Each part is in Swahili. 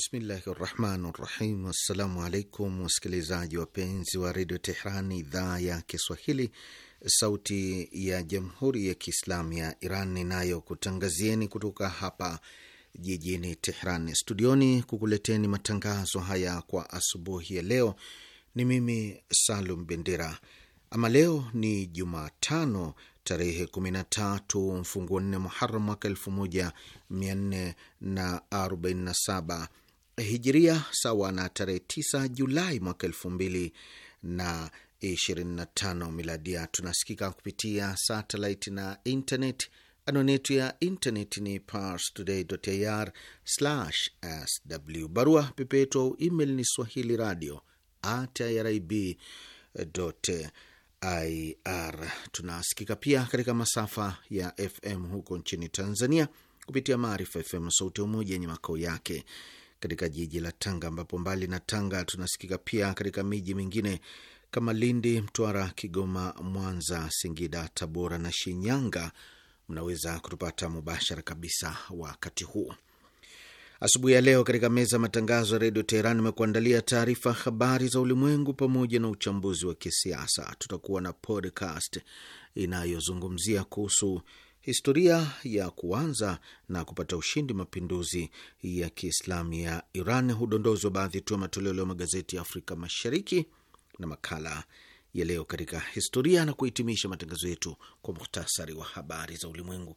Bismillahi rahmani rahim. Assalamu alaikum wasikilizaji wapenzi wa redio Tehran, idhaa ya Kiswahili, sauti ya jamhuri ya kiislamu ya Iran inayokutangazieni kutoka hapa jijini Tehran studioni kukuleteni matangazo haya kwa asubuhi ya leo. Ni mimi Salum Bendera. Ama leo ni Jumatano tarehe 13 mfungu 4 Muharam mwaka 1447 hijiria sawa na tarehe 9 Julai mwaka elfu mbili na 25 miladia. Tunasikika kupitia satellite na internet. Anwani yetu ya internet ni parstoday.ir/sw. Barua pepe yetu au email ni swahili radio at irib.ir. Tunasikika pia katika masafa ya FM huko nchini Tanzania kupitia Maarifa FM Sauti ya Umoja yenye makao yake katika jiji la Tanga, ambapo mbali na Tanga tunasikika pia katika miji mingine kama Lindi, Mtwara, Kigoma, Mwanza, Singida, Tabora na Shinyanga. Mnaweza kutupata mubashara kabisa wakati huu asubuhi ya leo. Katika meza ya matangazo ya redio Teheran imekuandalia taarifa habari za ulimwengu pamoja na uchambuzi wa kisiasa. Tutakuwa na podcast inayozungumzia kuhusu Historia ya kuanza na kupata ushindi mapinduzi ya Kiislamu ya Iran hudondozwa baadhi tu ya matoleo leo magazeti ya Afrika Mashariki na makala ya leo katika historia na kuhitimisha matangazo yetu kwa muhtasari wa habari za ulimwengu.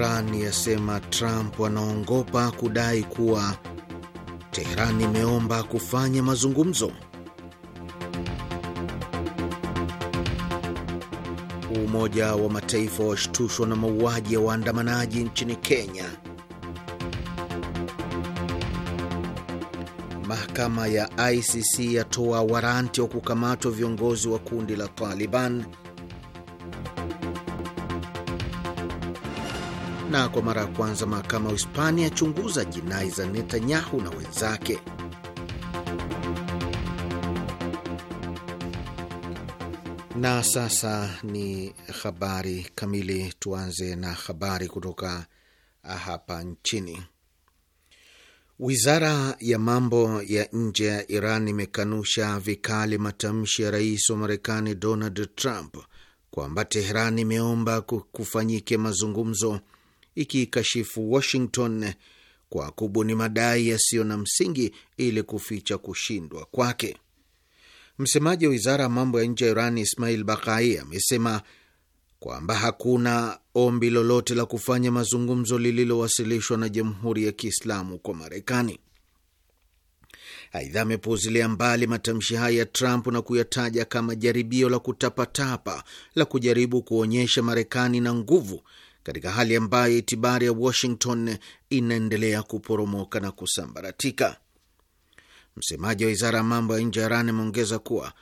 Iran yasema Trump anaongopa kudai kuwa teheran imeomba kufanya mazungumzo. Umoja wa Mataifa washtushwa na mauaji ya waandamanaji nchini Kenya. Mahakama ya ICC yatoa waranti wa kukamatwa viongozi wa kundi la Taliban Na kwa mara ya kwanza mahakama ya Uhispania yachunguza jinai za Netanyahu na wenzake. Na sasa ni habari kamili. Tuanze na habari kutoka ah, hapa nchini. Wizara ya mambo ya nje ya Iran imekanusha vikali matamshi ya rais wa Marekani Donald Trump kwamba Teheran imeomba kufanyike mazungumzo ikiikashifu Washington kwa kubuni madai yasiyo na msingi ili kuficha kushindwa kwake. Msemaji wa wizara ya mambo ya nje ya Iran Ismail Bakai amesema kwamba hakuna ombi lolote la kufanya mazungumzo lililowasilishwa na Jamhuri ya Kiislamu kwa Marekani. Aidha, amepuuzilia mbali matamshi haya ya Trump na kuyataja kama jaribio la kutapatapa la kujaribu kuonyesha Marekani na nguvu katika hali ambayo itibari ya Washington inaendelea kuporomoka na kusambaratika. Msemaji wa wizara ya mambo ya nje ya Iran ameongeza kuwa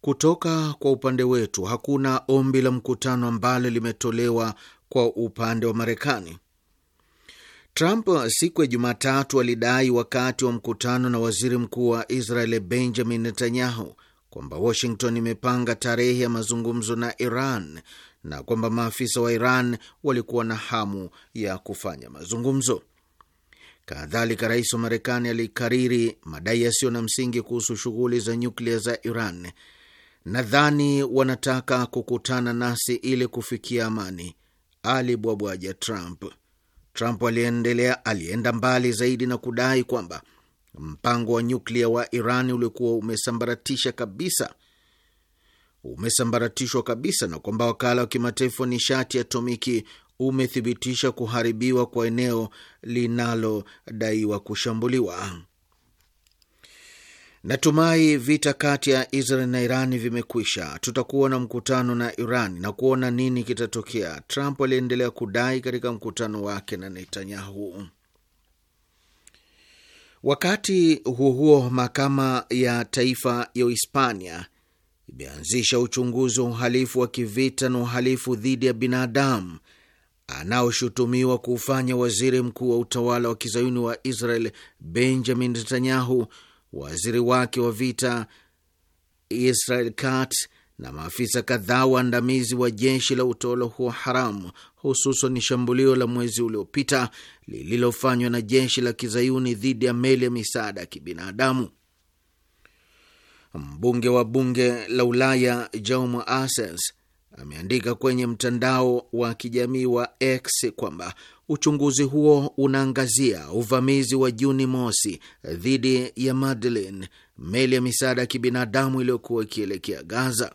kutoka kwa upande wetu hakuna ombi la mkutano ambalo limetolewa kwa upande wa Marekani. Trump siku ya Jumatatu alidai wakati wa mkutano na waziri mkuu wa Israel Benjamin Netanyahu kwamba Washington imepanga tarehe ya mazungumzo na Iran na kwamba maafisa wa Iran walikuwa na hamu ya kufanya mazungumzo. Kadhalika, rais wa Marekani alikariri madai yasiyo na msingi kuhusu shughuli za nyuklia za Iran. Nadhani wanataka kukutana nasi ili kufikia amani, alibwabwaja Trump. Trump aliendelea, alienda mbali zaidi na kudai kwamba mpango wa nyuklia wa Iran ulikuwa umesambaratisha kabisa umesambaratishwa kabisa na kwamba wakala wa kimataifa wa nishati ya atomiki umethibitisha kuharibiwa kwa eneo linalodaiwa kushambuliwa. Natumai vita kati ya Israel na Iran vimekwisha. Tutakuwa na mkutano na Iran na kuona nini kitatokea, Trump aliendelea kudai katika mkutano wake na Netanyahu. Wakati huo huo, mahakama ya taifa ya Uhispania imeanzisha uchunguzi wa uhalifu wa kivita na uhalifu dhidi ya binadamu anaoshutumiwa kuufanya waziri mkuu wa utawala wa kizayuni wa Israel Benjamin Netanyahu, waziri wake wa vita Israel Katz na maafisa kadhaa waandamizi wa jeshi la utawala huo haramu, hususan shambulio la mwezi uliopita lililofanywa na jeshi la kizayuni dhidi ya meli ya misaada ya kibinadamu mbunge wa bunge la Ulaya Jaume Asens ameandika kwenye mtandao wa kijamii wa X kwamba uchunguzi huo unaangazia uvamizi wa Juni mosi dhidi ya Madlin, meli ya misaada ya kibinadamu iliyokuwa ikielekea Gaza.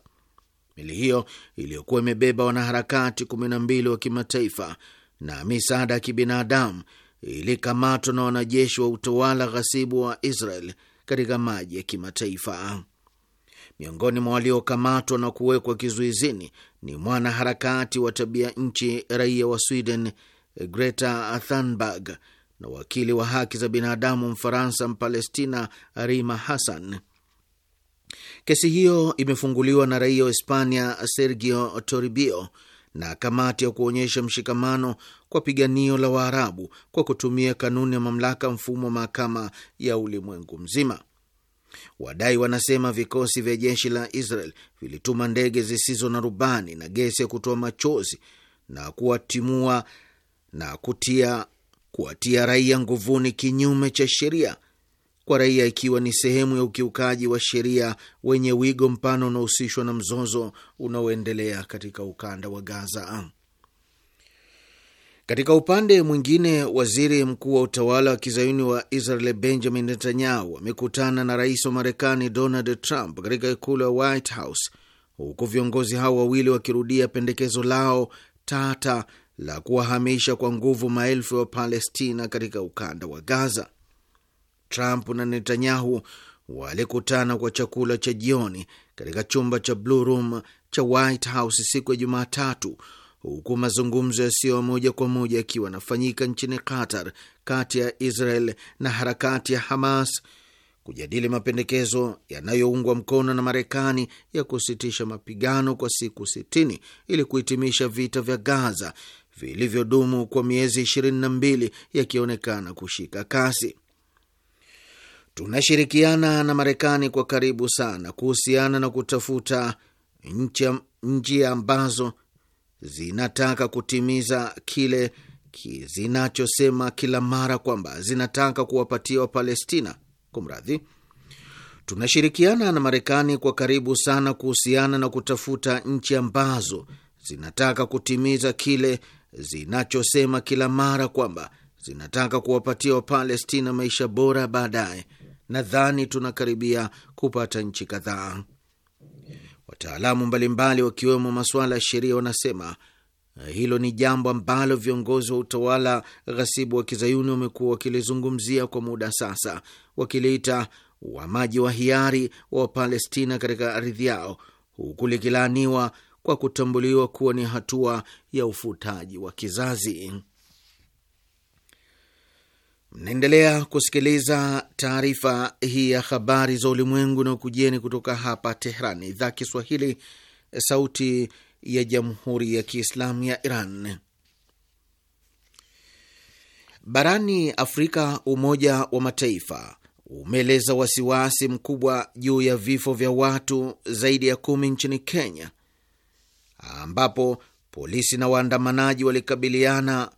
Meli hiyo iliyokuwa imebeba wanaharakati 12 wa kimataifa na misaada ya kibinadamu ilikamatwa na wanajeshi wa utawala ghasibu wa Israel katika maji ya kimataifa. Miongoni mwa waliokamatwa na kuwekwa kizuizini ni mwanaharakati wa tabia nchi raia wa Sweden Greta Thunberg na wakili wa haki za binadamu Mfaransa Mpalestina Rima Hassan. Kesi hiyo imefunguliwa na raia wa Hispania Sergio Toribio na kamati ya kuonyesha mshikamano kwa piganio la Waarabu kwa kutumia kanuni ya mamlaka mfumo wa mahakama ya ulimwengu mzima. Wadai wanasema vikosi vya jeshi la Israel vilituma ndege zisizo na rubani na gesi ya kutoa machozi na kuwatimua na kutia kuwatia raia nguvuni kinyume cha sheria kwa raia ikiwa ni sehemu ya ukiukaji wa sheria wenye wigo mpana unaohusishwa na mzozo unaoendelea katika ukanda wa Gaza. Katika upande mwingine, waziri mkuu wa utawala wa kizayuni wa Israel Benjamin Netanyahu amekutana na rais wa Marekani Donald Trump katika ikulu ya White House, huku viongozi hao wawili wakirudia pendekezo lao tata la kuwahamisha kwa nguvu maelfu ya wapalestina katika ukanda wa Gaza. Trump na Netanyahu walikutana kwa chakula cha jioni katika chumba cha Blue Room cha White House siku ya Jumatatu, huku mazungumzo yasiyo moja kwa moja yakiwa yanafanyika nchini Qatar kati ya Israel na harakati ya Hamas kujadili mapendekezo yanayoungwa mkono na Marekani ya kusitisha mapigano kwa siku 60 ili kuhitimisha vita vya Gaza vilivyodumu kwa miezi 22 yakionekana kushika kasi. Tunashirikiana na Marekani kwa karibu sana kuhusiana na kutafuta njia ambazo zinataka kutimiza kile zinachosema kila mara kwamba zinataka kuwapatia Wapalestina. Kumradhi, tunashirikiana na Marekani kwa karibu sana kuhusiana na kutafuta nchi ambazo zinataka kutimiza kile zinachosema kila mara kwamba zinataka kuwapatia Wapalestina maisha bora baadaye nadhani tunakaribia kupata nchi kadhaa. Wataalamu mbalimbali wakiwemo masuala ya sheria wanasema eh, hilo ni jambo ambalo viongozi wa utawala ghasibu wa kizayuni wamekuwa wakilizungumzia kwa muda sasa, wakiliita uhamaji wa hiari wa Wapalestina katika ardhi yao, huku likilaaniwa kwa kutambuliwa kuwa ni hatua ya ufutaji wa kizazi. Mnaendelea kusikiliza taarifa hii ya habari za ulimwengu na ukujieni kutoka hapa Tehran, idhaa Kiswahili, sauti ya jamhuri ya kiislamu ya Iran. Barani Afrika, Umoja wa Mataifa umeeleza wasiwasi mkubwa juu ya vifo vya watu zaidi ya kumi nchini Kenya, ambapo polisi na waandamanaji walikabiliana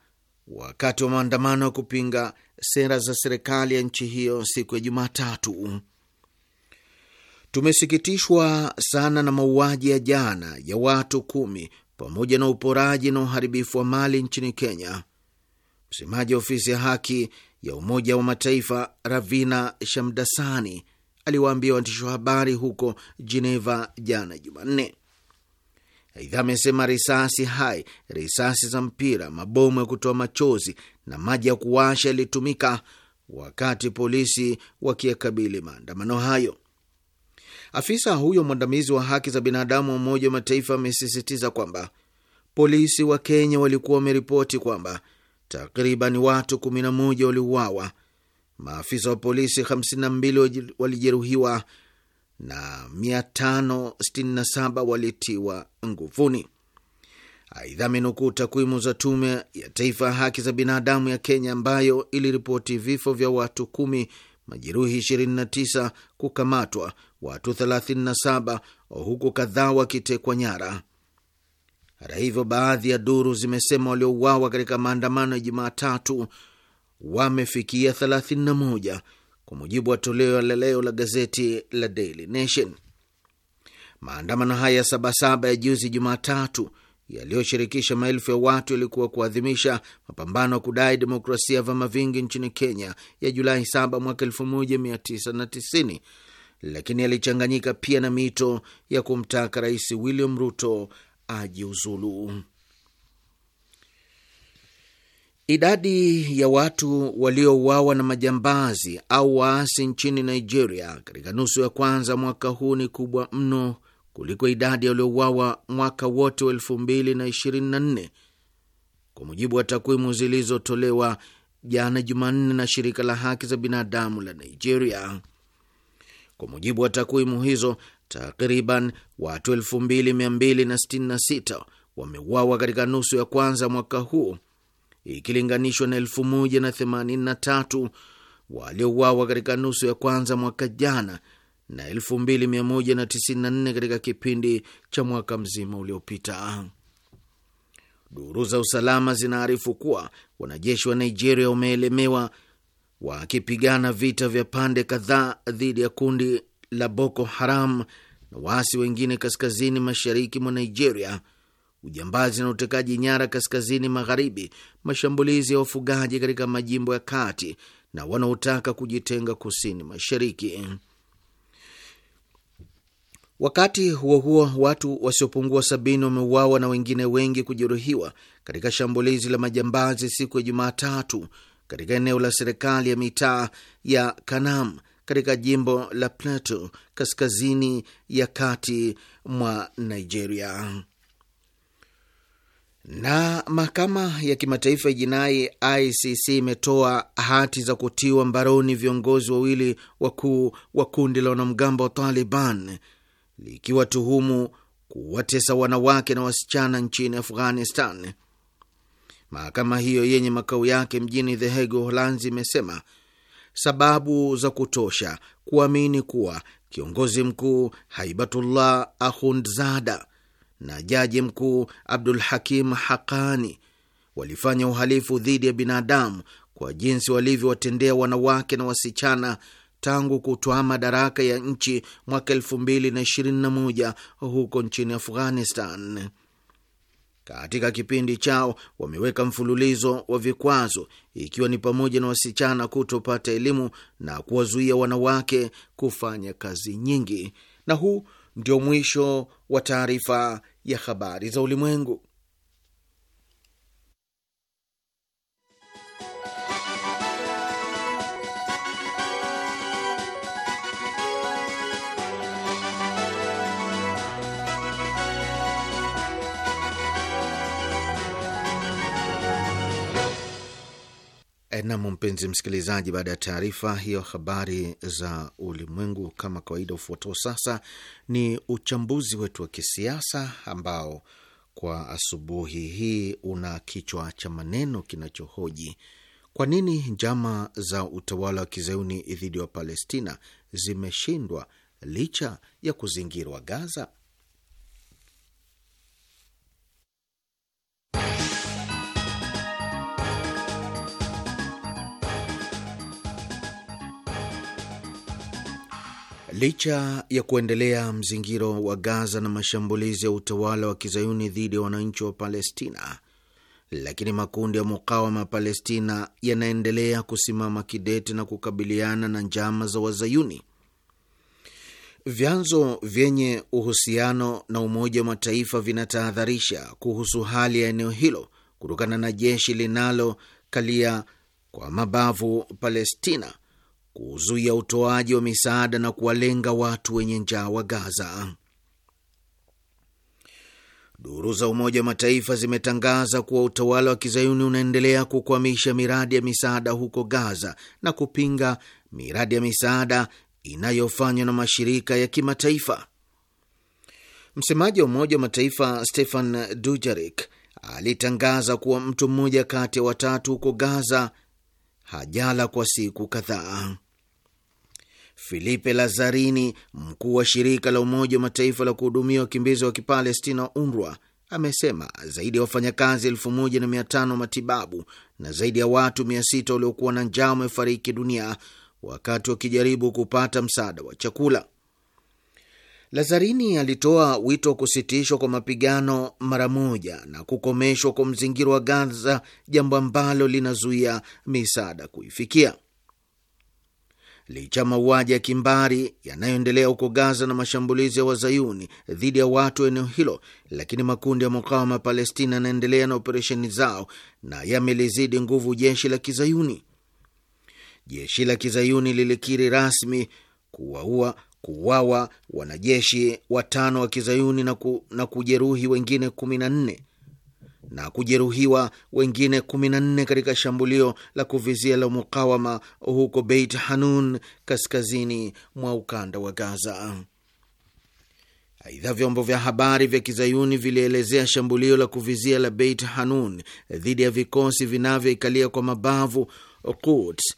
wakati wa maandamano ya kupinga sera za serikali ya nchi hiyo siku ya Jumatatu. Tumesikitishwa sana na mauaji ya jana ya watu kumi pamoja na uporaji na uharibifu wa mali nchini Kenya. Msemaji wa ofisi ya haki ya Umoja wa Mataifa Ravina Shamdasani aliwaambia waandishi wa habari huko Geneva jana Jumanne Aidha amesema risasi hai, risasi za mpira, mabomu ya kutoa machozi na maji ya kuwasha yalitumika wakati polisi wakiyakabili maandamano hayo. Afisa huyo mwandamizi wa haki za binadamu wa Umoja wa Mataifa amesisitiza kwamba polisi wa Kenya walikuwa wameripoti kwamba takriban watu 11 waliuawa, maafisa wa polisi 52 walijeruhiwa na 567 walitiwa nguvuni. Aidha, amenukuu takwimu za Tume ya Taifa ya Haki za Binadamu ya Kenya ambayo iliripoti vifo vya watu kumi, majeruhi 29, kukamatwa watu 37, huku kadhaa wakitekwa nyara. Hata hivyo, baadhi ya duru zimesema waliouawa katika maandamano ya Jumatatu wamefikia 31 kwa mujibu wa toleo la leo la gazeti la Daily Nation. Maandamano haya Sabasaba ya juzi Jumatatu yaliyoshirikisha maelfu ya watu yalikuwa kuadhimisha mapambano ya kudai demokrasia vyama vingi nchini Kenya ya Julai 7 mwaka 1990 lakini yalichanganyika pia na mito ya kumtaka Rais William Ruto ajiuzulu. Idadi ya watu waliouawa na majambazi au waasi nchini Nigeria katika nusu ya kwanza mwaka huu ni kubwa mno kuliko idadi waliouawa mwaka wote wa 2024 kwa mujibu wa takwimu zilizotolewa jana Jumanne na shirika la haki za binadamu la Nigeria. Kwa mujibu wa takwimu hizo, takriban watu 2266 wameuawa katika nusu ya kwanza mwaka huu ikilinganishwa na tatu waliouawa katika nusu ya kwanza mwaka jana na 2194 katika kipindi cha mwaka mzima uliopita. Duru za usalama zinaarifu kuwa wanajeshi wa Nigeria wameelemewa wakipigana vita vya pande kadhaa dhidi ya kundi la Boko Haram na waasi wengine kaskazini mashariki mwa Nigeria ujambazi na utekaji nyara kaskazini magharibi, mashambulizi ya wafugaji katika majimbo ya kati na wanaotaka kujitenga kusini mashariki. Wakati huo huo, watu wasiopungua sabini wameuawa na wengine wengi kujeruhiwa katika shambulizi la majambazi siku ya Jumatatu katika eneo la serikali ya mitaa ya Kanam katika jimbo la Plateau kaskazini ya kati mwa Nigeria. Na mahakama ya kimataifa ya jinai ICC imetoa hati za kutiwa mbaroni viongozi wawili wakuu wa kundi la wanamgambo wa Taliban likiwatuhumu kuwatesa wanawake na wasichana nchini Afghanistan. Mahakama hiyo yenye makao yake mjini The Hague, Uholanzi, imesema sababu za kutosha kuamini kuwa kiongozi mkuu Haibatullah Ahundzada na jaji mkuu Abdul Hakim Hakani walifanya uhalifu dhidi ya binadamu kwa jinsi walivyowatendea wanawake na wasichana tangu kutwaa madaraka ya nchi mwaka elfu mbili na ishirini na moja huko nchini Afghanistan. Katika kipindi chao wameweka mfululizo wa vikwazo, ikiwa ni pamoja na wasichana kutopata elimu na kuwazuia wanawake kufanya kazi nyingi, na huu ndio mwisho wa taarifa ya habari za ulimwengu. Eh, Nam, mpenzi msikilizaji, baada ya taarifa hiyo habari za ulimwengu, kama kawaida, ufuatao sasa ni uchambuzi wetu wa kisiasa ambao kwa asubuhi hii una kichwa cha maneno kinachohoji kwa nini njama za utawala wa kizayuni dhidi ya Palestina zimeshindwa licha ya kuzingirwa Gaza. Licha ya kuendelea mzingiro wa Gaza na mashambulizi ya utawala wa kizayuni dhidi ya wananchi wa Palestina, lakini makundi ya mukawama ya Palestina yanaendelea kusimama kidete na kukabiliana na njama za Wazayuni. Vyanzo vyenye uhusiano na Umoja wa Mataifa vinatahadharisha kuhusu hali ya eneo hilo kutokana na jeshi linalokalia kwa mabavu Palestina kuzuia utoaji wa misaada na kuwalenga watu wenye njaa wa Gaza. Duru za Umoja wa Mataifa zimetangaza kuwa utawala wa kizayuni unaendelea kukwamisha miradi ya misaada huko Gaza na kupinga miradi ya misaada inayofanywa na mashirika ya kimataifa. Msemaji wa Umoja wa Mataifa Stefan Dujarik alitangaza kuwa mtu mmoja kati ya watatu huko Gaza hajala kwa siku kadhaa. Filipe Lazarini, mkuu wa shirika la Umoja wa Mataifa la kuhudumia wakimbizi wa Kipalestina, UNRWA, amesema zaidi ya wafanyakazi elfu moja na mia tano wa matibabu na zaidi ya watu mia sita waliokuwa na njaa wamefariki dunia wakati wakijaribu kupata msaada wa chakula. Lazarini alitoa wito wa kusitishwa kwa mapigano mara moja na kukomeshwa kwa mzingiro wa Gaza, jambo ambalo linazuia misaada kuifikia licha mauaji ya kimbari yanayoendelea huko Gaza na mashambulizi ya wazayuni dhidi ya watu wa eneo hilo, lakini makundi ya mukawama Palestina yanaendelea na operesheni zao na yamelizidi nguvu jeshi la kizayuni. Jeshi la kizayuni lilikiri rasmi kuwaua kuuawa wanajeshi watano wa kizayuni na, ku, na kujeruhi wengine kumi na nne na kujeruhiwa wengine 14 katika shambulio la kuvizia la mukawama huko Beit Hanun kaskazini mwa ukanda wa Gaza. Aidha, vyombo vya habari vya kizayuni vilielezea shambulio la kuvizia la Beit Hanun dhidi ya vikosi vinavyoikalia kwa mabavu Quds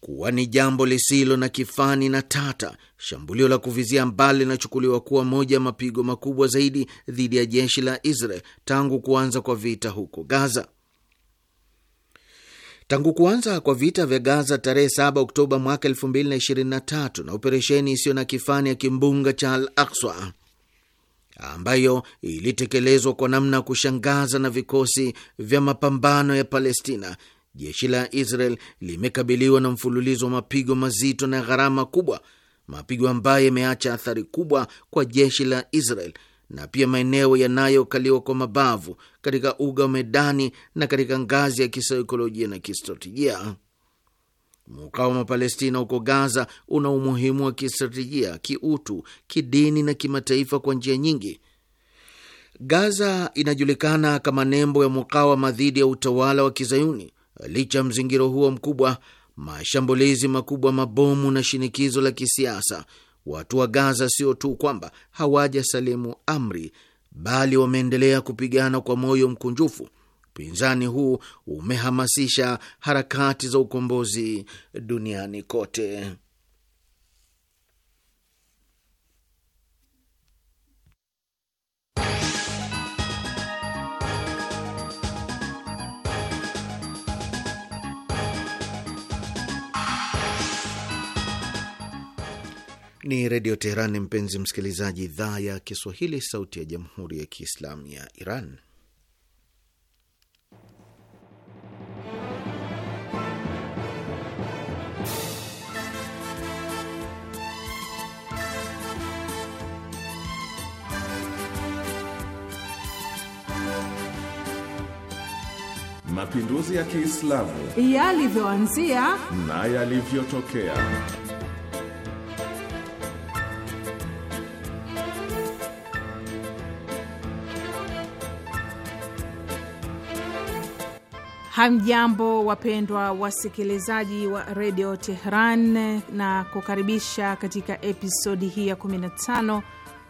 kuwa ni jambo lisilo na kifani na tata. Shambulio la kuvizia mbali linachukuliwa kuwa moja ya mapigo makubwa zaidi dhidi ya jeshi la Israel tangu kuanza kwa vita huko Gaza. Tangu kuanza kwa vita vya Gaza tarehe 7 Oktoba mwaka 2023 na operesheni isiyo na kifani ya kimbunga cha Al Akswa ambayo ilitekelezwa kwa namna ya kushangaza na vikosi vya mapambano ya Palestina Jeshi la Israel limekabiliwa na mfululizo wa mapigo mazito na gharama kubwa, mapigo ambayo yameacha athari kubwa kwa jeshi la Israel na pia maeneo yanayokaliwa kwa mabavu katika uga wa medani na katika ngazi ya kisaikolojia na kistratejia. Mukawama wa Palestina huko Gaza una umuhimu wa kistratejia, kiutu, kidini na kimataifa kwa njia nyingi. Gaza inajulikana kama nembo ya mukawama dhidi ya utawala wa Kizayuni Licha ya mzingiro huo mkubwa, mashambulizi makubwa, mabomu na shinikizo la kisiasa, watu wa Gaza sio tu kwamba hawaja salimu amri, bali wameendelea kupigana kwa moyo mkunjufu. Upinzani huu umehamasisha harakati za ukombozi duniani kote. Ni Redio Teheran, mpenzi msikilizaji, idhaa ya Kiswahili, sauti ya jamhuri ya kiislamu ya Iran. Mapinduzi ya Kiislamu yalivyoanzia na yalivyotokea Hamjambo, wapendwa wasikilizaji wa redio Tehran, na kukaribisha katika episodi hii ya 15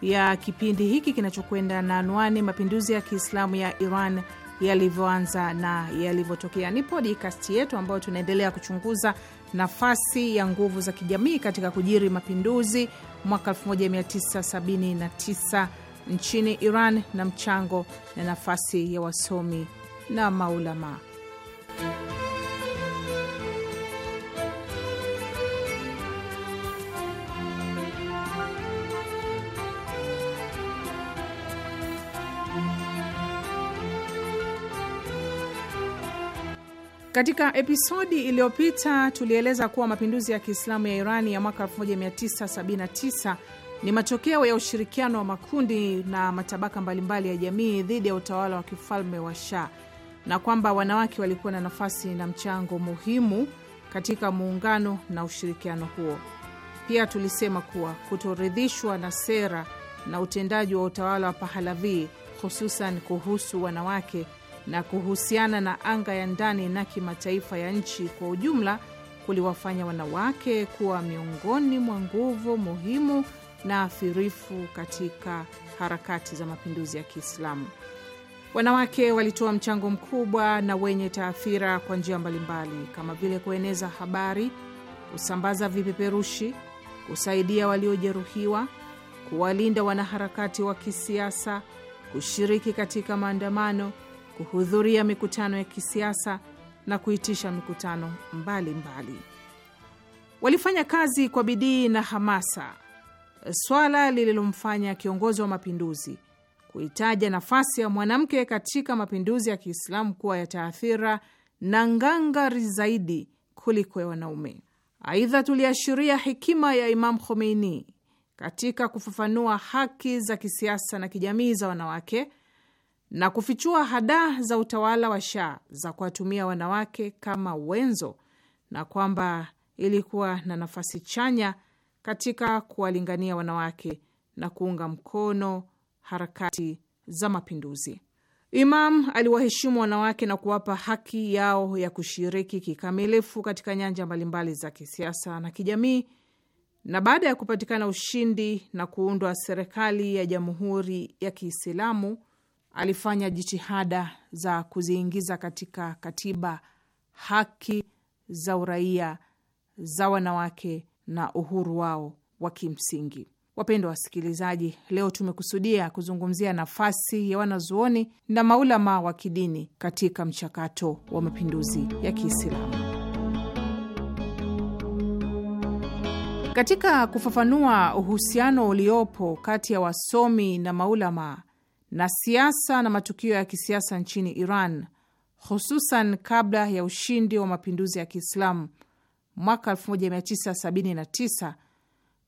ya kipindi hiki kinachokwenda na anwani mapinduzi ya Kiislamu ya Iran yalivyoanza na yalivyotokea. Ni podcast yetu ambayo tunaendelea kuchunguza nafasi ya nguvu za kijamii katika kujiri mapinduzi mwaka 1979 nchini Iran na mchango na nafasi ya wasomi na maulamaa. Katika episodi iliyopita tulieleza kuwa mapinduzi ya Kiislamu ya Irani ya mwaka 1979 ni matokeo ya ushirikiano wa makundi na matabaka mbalimbali ya jamii dhidi ya utawala wa kifalme wa Shah na kwamba wanawake walikuwa na nafasi na mchango muhimu katika muungano na ushirikiano huo. Pia tulisema kuwa kutoridhishwa na sera na utendaji wa utawala wa Pahalavi, hususan kuhusu wanawake na kuhusiana na anga ya ndani na kimataifa ya nchi kwa ujumla, kuliwafanya wanawake kuwa miongoni mwa nguvu muhimu na athirifu katika harakati za mapinduzi ya Kiislamu. Wanawake walitoa mchango mkubwa na wenye taathira kwa njia mbalimbali kama vile kueneza habari, kusambaza vipeperushi, kusaidia waliojeruhiwa, kuwalinda wanaharakati wa kisiasa, kushiriki katika maandamano, kuhudhuria mikutano ya kisiasa na kuitisha mikutano mbalimbali mbali. Walifanya kazi kwa bidii na hamasa, swala lililomfanya kiongozi wa mapinduzi kuitaja nafasi ya mwanamke katika mapinduzi ya Kiislamu kuwa ya taathira na ngangari zaidi kuliko ya wanaume. Aidha, tuliashiria hekima ya Imam Khomeini katika kufafanua haki za kisiasa na kijamii za wanawake na kufichua hadaa za utawala wa Shah za kuwatumia wanawake kama wenzo na kwamba ilikuwa na nafasi chanya katika kuwalingania wanawake na kuunga mkono harakati za mapinduzi. Imam aliwaheshimu wanawake na kuwapa haki yao ya kushiriki kikamilifu katika nyanja mbalimbali za kisiasa na kijamii. Na baada ya kupatikana ushindi na kuundwa serikali ya jamhuri ya Kiislamu, alifanya jitihada za kuziingiza katika katiba haki za uraia za wanawake na uhuru wao wa kimsingi. Wapendwa wasikilizaji, leo tumekusudia kuzungumzia nafasi ya wanazuoni na maulama wa kidini katika mchakato wa mapinduzi ya Kiislamu. Katika kufafanua uhusiano uliopo kati ya wasomi na maulama na siasa na matukio ya kisiasa nchini Iran, hususan kabla ya ushindi wa mapinduzi ya Kiislamu mwaka 1979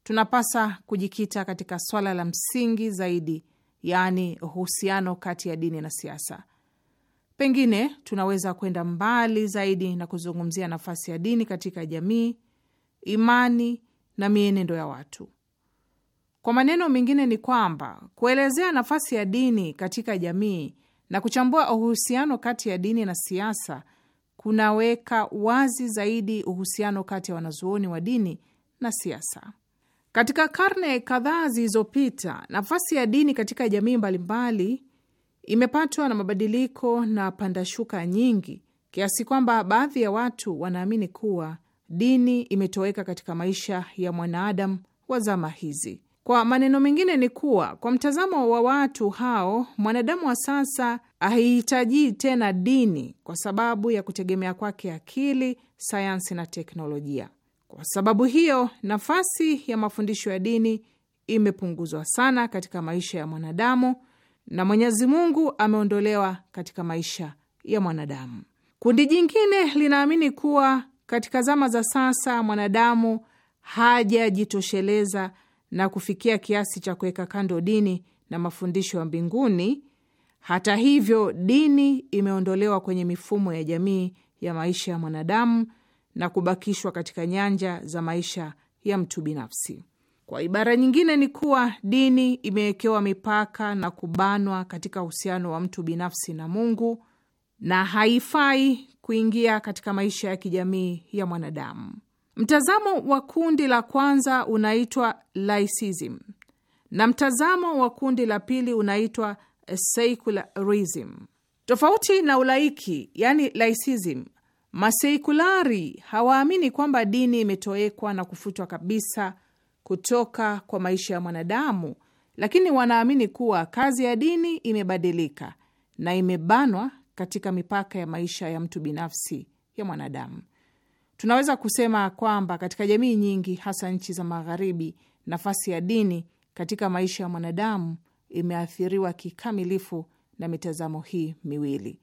tunapasa kujikita katika swala la msingi zaidi, yaani uhusiano kati ya dini na siasa. Pengine tunaweza kwenda mbali zaidi na kuzungumzia nafasi ya dini katika jamii, imani na mienendo ya watu. Kwa maneno mengine, ni kwamba kuelezea nafasi ya dini katika jamii na kuchambua uhusiano kati ya dini na siasa kunaweka wazi zaidi uhusiano kati ya wanazuoni wa dini na siasa. Katika karne kadhaa zilizopita, nafasi ya dini katika jamii mbalimbali imepatwa na mabadiliko na pandashuka nyingi kiasi kwamba baadhi ya watu wanaamini kuwa dini imetoweka katika maisha ya mwanadamu wa zama hizi. Kwa maneno mengine ni kuwa kwa mtazamo wa watu hao, mwanadamu wa sasa haihitaji tena dini kwa sababu ya kutegemea kwake akili, sayansi na teknolojia. Kwa sababu hiyo, nafasi ya mafundisho ya dini imepunguzwa sana katika maisha ya mwanadamu na Mwenyezi Mungu ameondolewa katika maisha ya mwanadamu. Kundi jingine linaamini kuwa katika zama za sasa mwanadamu hajajitosheleza na kufikia kiasi cha kuweka kando dini na mafundisho ya mbinguni. Hata hivyo, dini imeondolewa kwenye mifumo ya jamii ya maisha ya mwanadamu na kubakishwa katika nyanja za maisha ya mtu binafsi. Kwa ibara nyingine, ni kuwa dini imewekewa mipaka na kubanwa katika uhusiano wa mtu binafsi na Mungu na haifai kuingia katika maisha ya kijamii ya mwanadamu. Mtazamo wa kundi la kwanza unaitwa laicism na mtazamo wa kundi la pili unaitwa secularism. Tofauti na ulaiki, yani laicism, Maseikulari hawaamini kwamba dini imetowekwa na kufutwa kabisa kutoka kwa maisha ya mwanadamu, lakini wanaamini kuwa kazi ya dini imebadilika na imebanwa katika mipaka ya maisha ya mtu binafsi ya mwanadamu. Tunaweza kusema kwamba katika jamii nyingi, hasa nchi za Magharibi, nafasi ya dini katika maisha ya mwanadamu imeathiriwa kikamilifu na mitazamo hii miwili.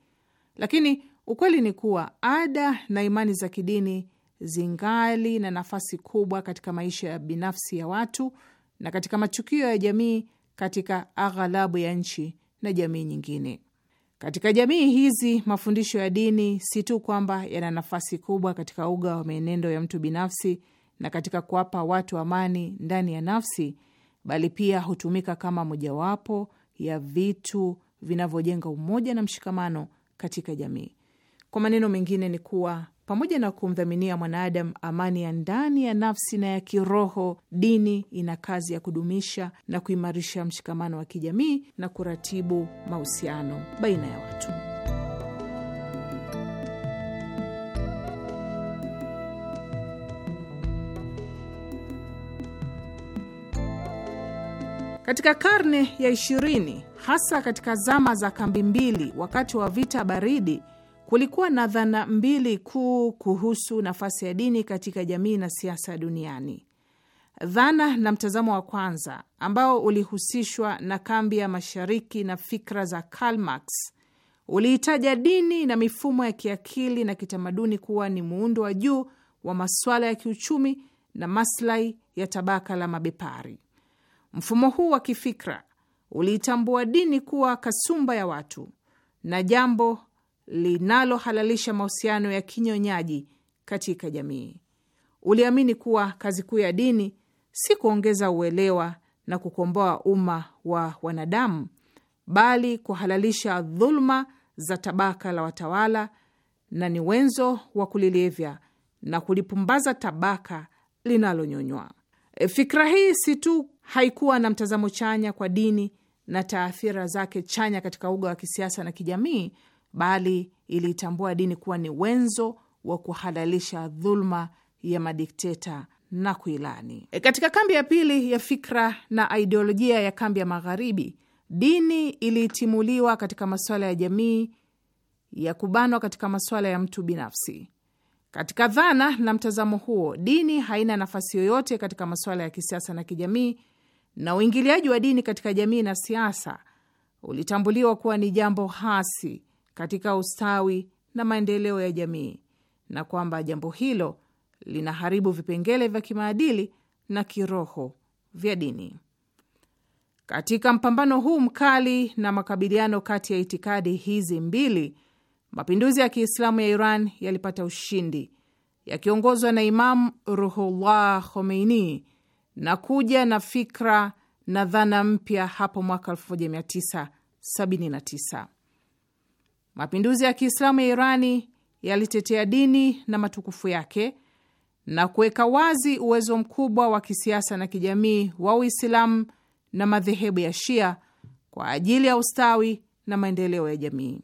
Lakini Ukweli ni kuwa ada na imani za kidini zingali na nafasi kubwa katika maisha ya binafsi ya watu na katika matukio ya jamii katika aghalabu ya nchi na jamii nyingine. Katika jamii hizi mafundisho ya dini si tu kwamba yana nafasi kubwa katika uga wa mienendo ya mtu binafsi na katika kuwapa watu amani ndani ya nafsi, bali pia hutumika kama mojawapo ya vitu vinavyojenga umoja na mshikamano katika jamii. Kwa maneno mengine ni kuwa pamoja na kumdhaminia mwanaadamu amani ya ndani ya nafsi na ya kiroho, dini ina kazi ya kudumisha na kuimarisha mshikamano wa kijamii na kuratibu mahusiano baina ya watu. Katika karne ya ishirini, hasa katika zama za kambi mbili, wakati wa vita baridi Kulikuwa na dhana mbili kuu kuhusu nafasi ya dini katika jamii na siasa duniani. Dhana na mtazamo wa kwanza ambao ulihusishwa na kambi ya mashariki na fikra za Karl Marx uliitaja dini na mifumo ya kiakili na kitamaduni kuwa ni muundo wa juu wa masuala ya kiuchumi na maslahi ya tabaka la mabepari. Mfumo huu wa kifikra uliitambua dini kuwa kasumba ya watu na jambo linalohalalisha mahusiano ya kinyonyaji katika jamii. Uliamini kuwa kazi kuu ya dini si kuongeza uelewa na kukomboa umma wa wanadamu, bali kuhalalisha dhuluma za tabaka la watawala, na ni wenzo wa kulilevya na kulipumbaza tabaka linalonyonywa. E, fikra hii si tu haikuwa na mtazamo chanya kwa dini na taathira zake chanya katika uga wa kisiasa na kijamii, bali iliitambua dini kuwa ni wenzo wa kuhalalisha dhuluma ya madikteta na kuilani. E, katika kambi ya pili ya fikra na aidiolojia ya kambi ya Magharibi, dini ilitimuliwa katika masuala ya jamii ya kubanwa katika masuala ya mtu binafsi. Katika dhana na mtazamo huo, dini haina nafasi yoyote katika masuala ya kisiasa na kijamii, na uingiliaji wa dini katika jamii na siasa ulitambuliwa kuwa ni jambo hasi katika ustawi na maendeleo ya jamii na kwamba jambo hilo linaharibu vipengele vya kimaadili na kiroho vya dini. Katika mpambano huu mkali na makabiliano kati ya itikadi hizi mbili, mapinduzi ya Kiislamu ya Iran yalipata ushindi yakiongozwa na Imamu Ruhullah Khomeini na kuja na fikra na dhana mpya hapo mwaka 1979. Mapinduzi ya Kiislamu ya Irani yalitetea dini na matukufu yake na kuweka wazi uwezo mkubwa wa kisiasa na kijamii wa Uislamu na madhehebu ya Shia kwa ajili ya ustawi na maendeleo ya jamii.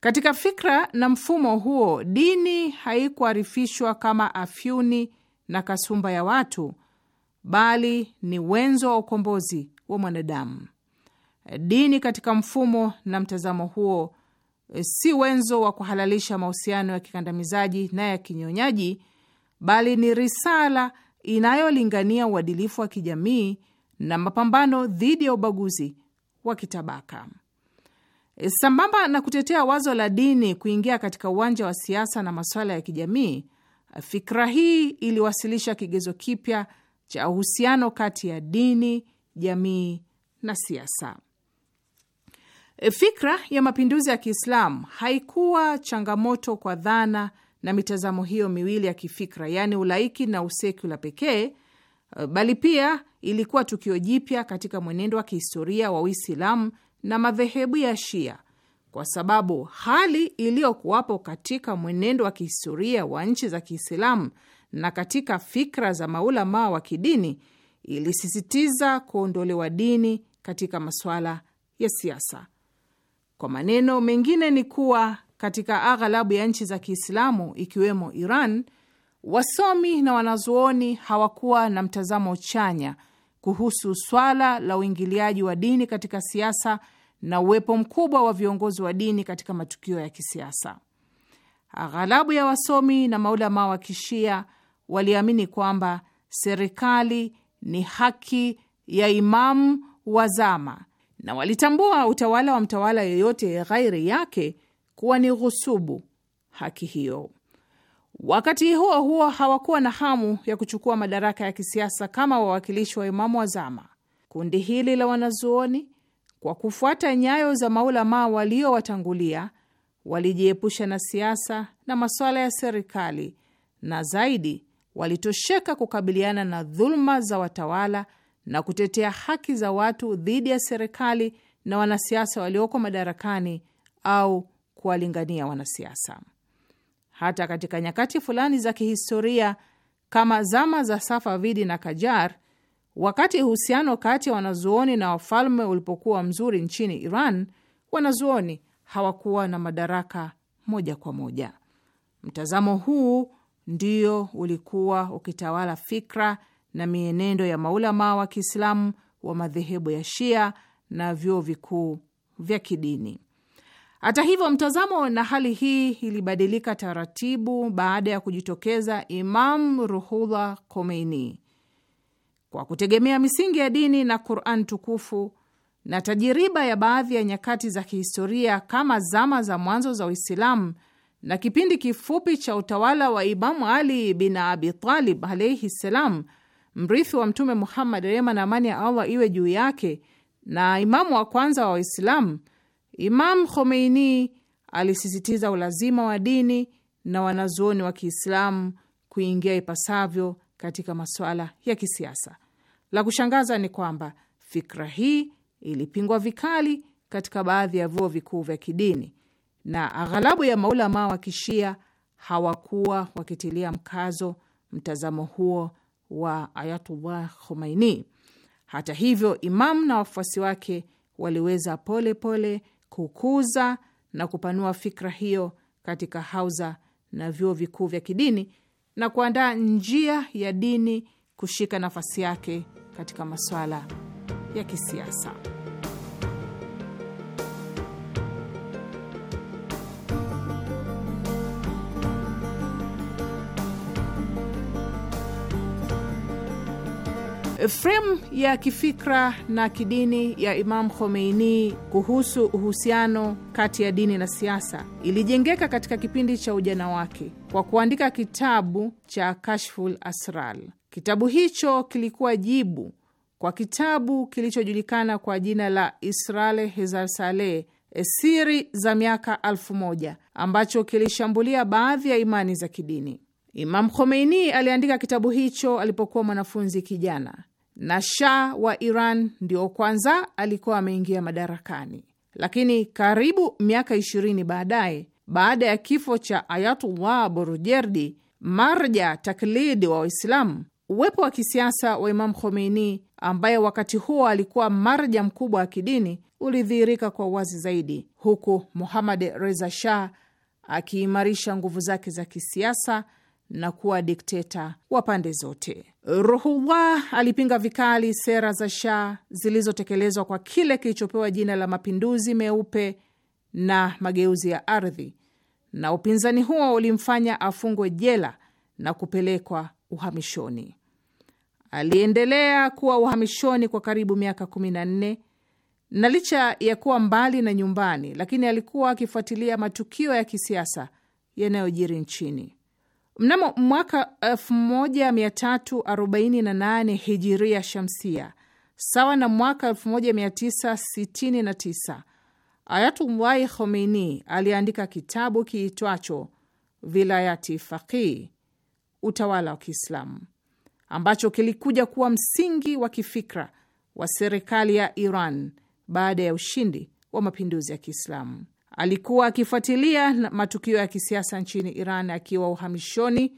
Katika fikra na mfumo huo, dini haikuarifishwa kama afyuni na kasumba ya watu, bali ni wenzo wa ukombozi wa mwanadamu. Dini katika mfumo na mtazamo huo Eh, si wenzo wa kuhalalisha mahusiano ya kikandamizaji na ya kinyonyaji, bali ni risala inayolingania uadilifu wa kijamii na mapambano dhidi ya ubaguzi wa kitabaka. Eh, sambamba na kutetea wazo la dini kuingia katika uwanja wa siasa na masuala ya kijamii, fikra hii iliwasilisha kigezo kipya cha uhusiano kati ya dini, jamii na siasa. E, fikra ya mapinduzi ya Kiislamu haikuwa changamoto kwa dhana na mitazamo hiyo miwili ya kifikra, yaani ulaiki na usekula pekee, e, bali pia ilikuwa tukio jipya katika mwenendo wa kihistoria wa Uislamu na madhehebu ya Shia, kwa sababu hali iliyokuwapo katika mwenendo wa kihistoria wa nchi za Kiislamu na katika fikra za maulamaa wa kidini ilisisitiza kuondolewa dini katika masuala ya siasa. Kwa maneno mengine ni kuwa katika aghalabu ya nchi za Kiislamu ikiwemo Iran, wasomi na wanazuoni hawakuwa na mtazamo chanya kuhusu swala la uingiliaji wa dini katika siasa na uwepo mkubwa wa viongozi wa dini katika matukio ya kisiasa. Aghalabu ya wasomi na maulama wa Kishia waliamini kwamba serikali ni haki ya imamu wa zama na walitambua utawala wa mtawala yeyote ghairi yake kuwa ni ghusubu haki hiyo. Wakati huo huo, hawakuwa na hamu ya kuchukua madaraka ya kisiasa kama wawakilishi wa imamu wa zama. Kundi hili la wanazuoni, kwa kufuata nyayo za maulama waliowatangulia, walijiepusha na siasa na masuala ya serikali, na zaidi walitosheka kukabiliana na dhuluma za watawala na kutetea haki za watu dhidi ya serikali na wanasiasa walioko madarakani au kuwalingania wanasiasa. Hata katika nyakati fulani za kihistoria kama zama za Safavidi na Kajar, wakati uhusiano kati ya wanazuoni na wafalme ulipokuwa mzuri nchini Iran, wanazuoni hawakuwa na madaraka moja kwa moja. Mtazamo huu ndio ulikuwa ukitawala fikra na mienendo ya maulamaa wa Kiislamu wa madhehebu ya Shia na vyuo vikuu vya kidini. Hata hivyo, mtazamo na hali hii ilibadilika taratibu baada ya kujitokeza Imam Ruhullah Khomeini kwa kutegemea misingi ya dini na Quran tukufu na tajiriba ya baadhi ya nyakati za kihistoria kama zama za mwanzo za Uislamu na kipindi kifupi cha utawala wa Imamu Ali bin Abi Talib alaihi ssalam mrithi wa Mtume Muhammad, rehema na amani ya Allah iwe juu yake, na imamu wa kwanza wa Waislamu, Imam Khomeini alisisitiza ulazima wa dini na wanazuoni wa Kiislamu kuingia ipasavyo katika masuala ya kisiasa. La kushangaza ni kwamba fikra hii ilipingwa vikali katika baadhi ya vyuo vikuu vya kidini na aghalabu ya maulamaa wa Kishia hawakuwa wakitilia mkazo mtazamo huo wa Ayatullah Khomeini. Hata hivyo, Imamu na wafuasi wake waliweza pole pole kukuza na kupanua fikra hiyo katika hauza na vyuo vikuu vya kidini na kuandaa njia ya dini kushika nafasi yake katika masuala ya kisiasa. Fremu ya kifikra na kidini ya Imam Khomeini kuhusu uhusiano kati ya dini na siasa ilijengeka katika kipindi cha ujana wake kwa kuandika kitabu cha Kashful Asral. Kitabu hicho kilikuwa jibu kwa kitabu kilichojulikana kwa jina la Israel Hezar Saleh, eh, siri za miaka alfu moja ambacho kilishambulia baadhi ya imani za kidini. Imam Khomeini aliandika kitabu hicho alipokuwa mwanafunzi kijana na Shah wa Iran ndio kwanza alikuwa ameingia madarakani, lakini karibu miaka ishirini baadaye, baada ya kifo cha Ayatullah Borujerdi, marja taklidi wa Waislamu, uwepo wa kisiasa wa Imam Khomeini ambaye wakati huo alikuwa marja mkubwa wa kidini ulidhihirika kwa uwazi zaidi, huku Muhammad Reza Shah akiimarisha nguvu zake za kisiasa na kuwa dikteta wa pande zote. Ruhullah alipinga vikali sera za Shah zilizotekelezwa kwa kile kilichopewa jina la mapinduzi meupe na mageuzi ya ardhi, na upinzani huo ulimfanya afungwe jela na kupelekwa uhamishoni. Aliendelea kuwa uhamishoni kwa karibu miaka 14 na licha ya kuwa mbali na nyumbani, lakini alikuwa akifuatilia matukio ya kisiasa yanayojiri nchini. Mnamo mwaka 1348 hijiria shamsia, sawa na mwaka 1969, ayatullahi Khomeini aliandika kitabu kiitwacho Vilayati Faqih, utawala wa Kiislamu, ambacho kilikuja kuwa msingi wa kifikra wa serikali ya Iran baada ya ushindi wa mapinduzi ya Kiislamu. Alikuwa akifuatilia matukio ya kisiasa nchini Iran akiwa uhamishoni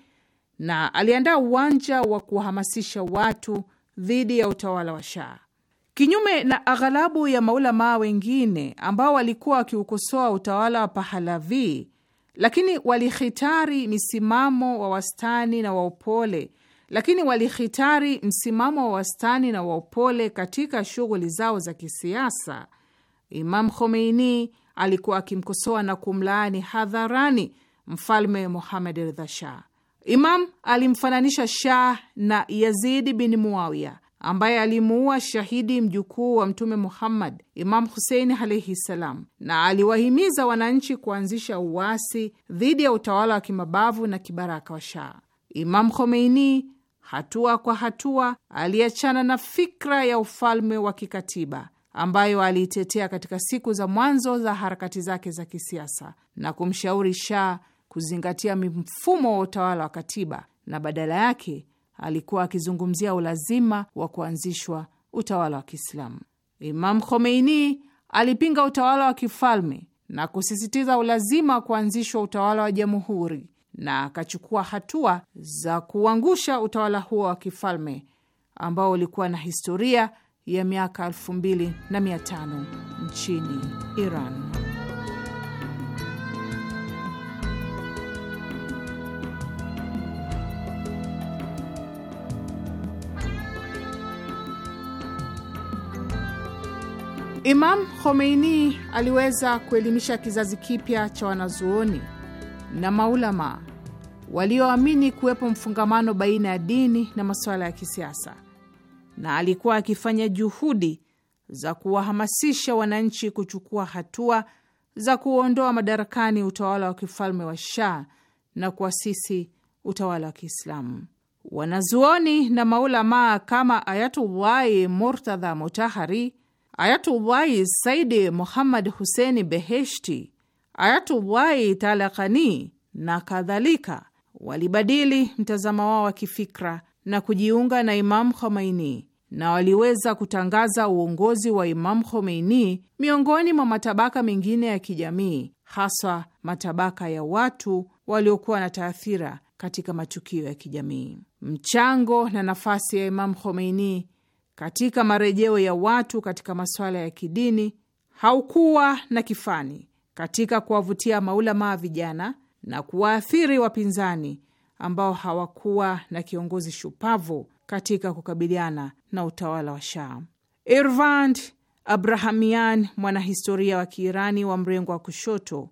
na aliandaa uwanja wa kuwahamasisha watu dhidi ya utawala wa Shah. Kinyume na aghalabu ya maulamaa wengine ambao walikuwa wakiukosoa utawala wa Pahalavi, lakini walihitari msimamo wa wastani na wa upole lakini walihitari msimamo wa wastani na wa upole katika shughuli zao za kisiasa. Imam Khomeini alikuwa akimkosoa na kumlaani hadharani mfalme Mohamed Ridha Shah. Imam alimfananisha Shah na Yazidi bin Muawiya ambaye alimuua shahidi mjukuu wa Mtume Muhammad, Imam Husein alaihi ssalam, na aliwahimiza wananchi kuanzisha uasi dhidi ya utawala wa kimabavu na kibaraka wa Shah. Imam Khomeini hatua kwa hatua aliachana na fikra ya ufalme wa kikatiba ambayo aliitetea katika siku za mwanzo za harakati zake za kisiasa na kumshauri Shah kuzingatia mfumo wa utawala wa katiba na badala yake alikuwa akizungumzia ulazima wa kuanzishwa utawala wa Kiislamu. Imam Khomeini alipinga utawala wa kifalme na kusisitiza ulazima wa kuanzishwa utawala wa jamhuri na akachukua hatua za kuangusha utawala huo wa kifalme ambao ulikuwa na historia ya miaka 2500 nchini Iran. Imam Khomeini aliweza kuelimisha kizazi kipya cha wanazuoni na maulama walioamini kuwepo mfungamano baina ya dini na masuala ya kisiasa na alikuwa akifanya juhudi za kuwahamasisha wananchi kuchukua hatua za kuondoa madarakani utawala wa kifalme wa Shah na kuasisi utawala wa Kiislamu. Wanazuoni na maulamaa kama Ayatullahi Murtadha Mutahari, Ayatullahi Saidi Muhammad huseni Beheshti, Ayatullahi Talakani na kadhalika walibadili mtazamo wao wa kifikra na kujiunga na Imam Khomeini na waliweza kutangaza uongozi wa Imam Khomeini miongoni mwa matabaka mengine ya kijamii, hasa matabaka ya watu waliokuwa na taathira katika matukio ya kijamii. Mchango na nafasi ya Imam Khomeini katika marejeo ya watu katika masuala ya kidini haukuwa na kifani katika kuwavutia maulamaa vijana na kuwaathiri wapinzani ambao hawakuwa na kiongozi shupavu katika kukabiliana na utawala wa sham Irvand Abrahamian, mwanahistoria wa Kiirani wa mrengo wa kushoto,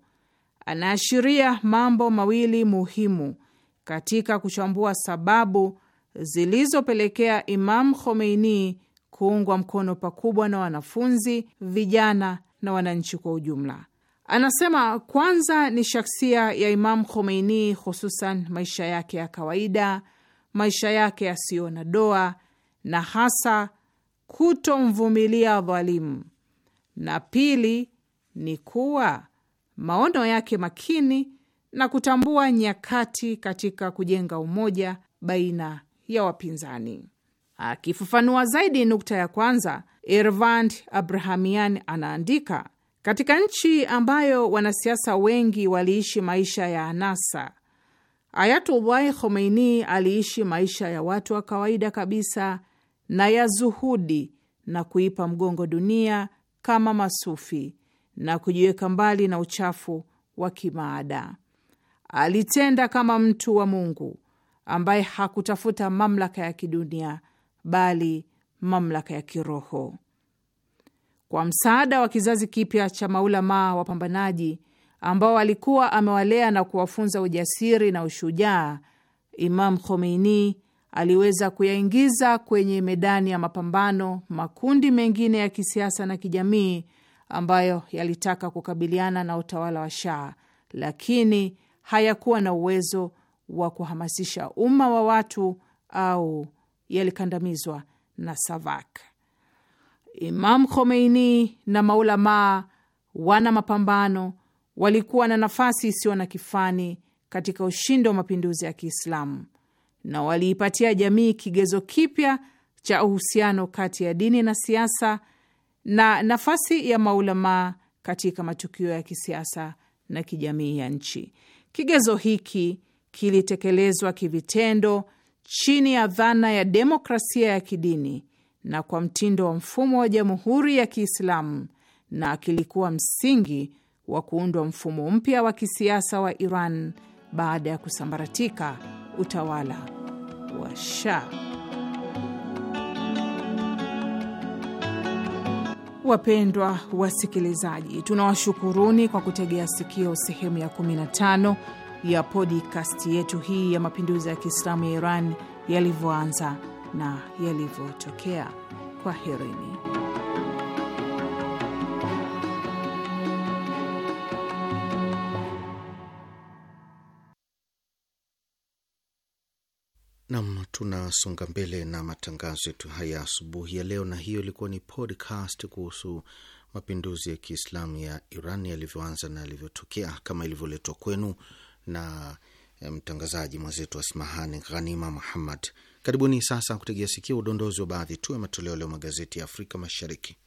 anaashiria mambo mawili muhimu katika kuchambua sababu zilizopelekea Imam Khomeini kuungwa mkono pakubwa na wanafunzi, vijana na wananchi kwa ujumla. Anasema kwanza ni shaksia ya Imam Khomeini, hususan maisha yake ya kawaida maisha yake yasiyo na doa na hasa kutomvumilia dhalimu, na pili ni kuwa maono yake makini na kutambua nyakati katika kujenga umoja baina ya wapinzani. Akifafanua zaidi nukta ya kwanza, Ervand Abrahamian anaandika, katika nchi ambayo wanasiasa wengi waliishi maisha ya anasa Ayatullahi Khomeini aliishi maisha ya watu wa kawaida kabisa na ya zuhudi na kuipa mgongo dunia kama masufi na kujiweka mbali na uchafu wa kimaada. Alitenda kama mtu wa Mungu ambaye hakutafuta mamlaka ya kidunia bali mamlaka ya kiroho. Kwa msaada wa kizazi kipya cha maulamaa wapambanaji, ambao alikuwa amewalea na kuwafunza ujasiri na ushujaa, Imam Khomeini aliweza kuyaingiza kwenye medani ya mapambano makundi mengine ya kisiasa na kijamii ambayo yalitaka kukabiliana na utawala wa Shah, lakini hayakuwa na uwezo wa kuhamasisha umma wa watu au yalikandamizwa na SAVAK. Imam Khomeini na maulamaa wana mapambano walikuwa na nafasi isiyo na kifani katika ushindi wa mapinduzi ya Kiislamu na waliipatia jamii kigezo kipya cha uhusiano kati ya dini na siasa na nafasi ya maulamaa katika matukio ya kisiasa na kijamii ya nchi. Kigezo hiki kilitekelezwa kivitendo chini ya dhana ya demokrasia ya kidini na kwa mtindo wa mfumo wa Jamhuri ya Kiislamu na kilikuwa msingi wa kuundwa mfumo mpya wa kisiasa wa Iran baada ya kusambaratika utawala wa Shah. Wapendwa wasikilizaji, tunawashukuruni kwa kutegea sikio sehemu ya 15 ya podcast yetu hii ya mapinduzi ya Kiislamu ya Iran yalivyoanza na yalivyotokea. Kwaherini. Tunasonga mbele na matangazo yetu haya asubuhi ya leo, na hiyo ilikuwa ni podcast kuhusu mapinduzi ya Kiislamu ya Iran yalivyoanza na yalivyotokea, kama ilivyoletwa kwenu na eh, mtangazaji mwenzetu Asmahani Ghanima Muhammad. Karibuni sasa kutegea sikia udondozi wa baadhi tu ya matoleo leo magazeti ya Afrika Mashariki.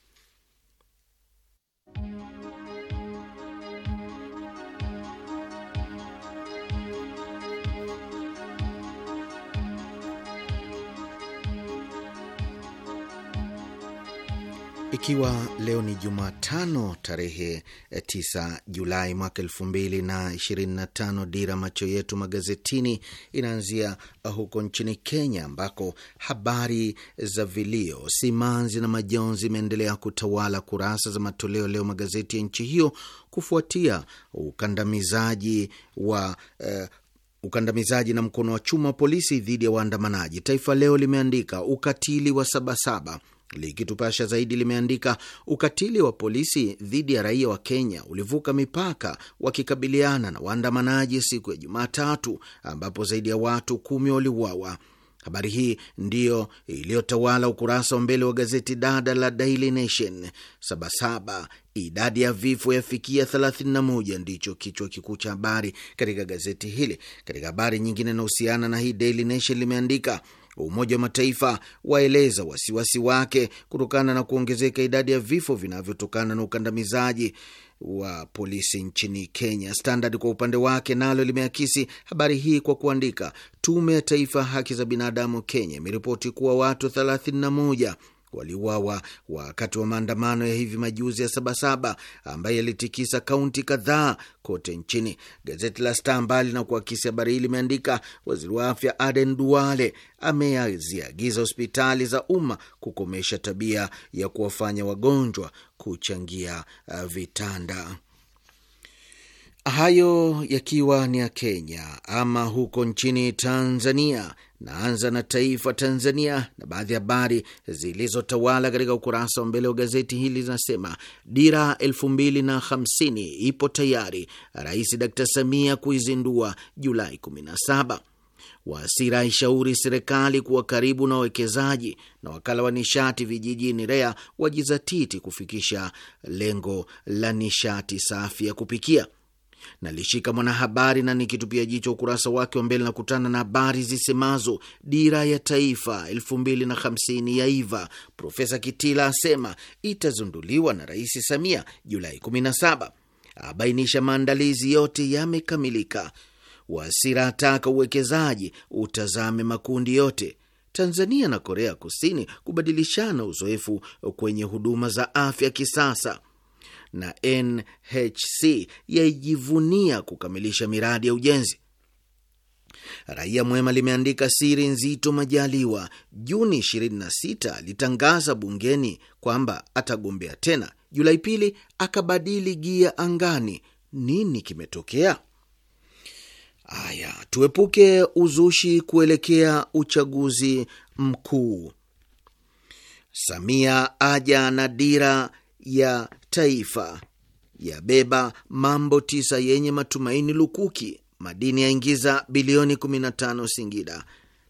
ikiwa leo ni Jumatano tarehe 9 eh, Julai mwaka elfu mbili na ishirini na tano, dira macho yetu magazetini inaanzia eh, huko nchini Kenya ambako habari za vilio, simanzi na majonzi imeendelea kutawala kurasa za matoleo leo magazeti ya nchi hiyo kufuatia ukandamizaji wa eh, ukandamizaji na mkono wa chuma wa polisi dhidi ya waandamanaji. Taifa Leo limeandika ukatili wa Sabasaba Likitupasha zaidi limeandika ukatili wa polisi dhidi ya raia wa Kenya ulivuka mipaka wakikabiliana na waandamanaji siku ya Jumatatu ambapo zaidi ya watu kumi waliuawa. Habari hii ndiyo iliyotawala ukurasa wa mbele wa gazeti dada la Daily Nation. Sabasaba, idadi ya vifo yafikia 31 ndicho kichwa kikuu cha habari katika gazeti hili. Katika habari nyingine inahusiana na hii, Daily Nation limeandika Umoja wa Mataifa waeleza wasiwasi wake kutokana na kuongezeka idadi ya vifo vinavyotokana na ukandamizaji wa polisi nchini Kenya. Standard kwa upande wake nalo limeakisi habari hii kwa kuandika, tume ya taifa haki za binadamu Kenya imeripoti kuwa watu waliuawa wakati wa maandamano ya hivi majuzi ya Sabasaba ambaye yalitikisa kaunti kadhaa kote nchini. Gazeti la Star, mbali na kuakisi habari hii, limeandika waziri wa afya Aden Duale ameziagiza hospitali za umma kukomesha tabia ya kuwafanya wagonjwa kuchangia uh, vitanda. Hayo yakiwa ni ya Kenya. Ama huko nchini Tanzania, Naanza na Taifa Tanzania, na baadhi ya habari zilizotawala katika ukurasa wa mbele wa gazeti hili zinasema: dira elfu ipo tayari, Rais Dkt Samia kuizindua Julai 17. Wasira ishauri serikali kuwa karibu na wawekezaji, na wakala wa nishati vijijini REA wajizatiti kufikisha lengo la nishati safi ya kupikia Nalishika Mwanahabari na nikitupia jicho ukurasa wake wa mbele, na kutana na habari zisemazo dira ya taifa 2050 ya iva, Profesa Kitila asema itazunduliwa na Rais Samia Julai 17, abainisha maandalizi yote yamekamilika. Wasira ataka uwekezaji utazame makundi yote. Tanzania na Korea Kusini kubadilishana uzoefu kwenye huduma za afya kisasa na NHC yaijivunia kukamilisha miradi ya ujenzi. Raia Mwema limeandika siri nzito. Majaliwa Juni 26 alitangaza bungeni kwamba atagombea tena, Julai pili akabadili gia angani. Nini kimetokea? Haya, tuepuke uzushi kuelekea uchaguzi mkuu. Samia aja na dira ya taifa yabeba mambo tisa yenye matumaini lukuki. Madini yaingiza bilioni 15 Singida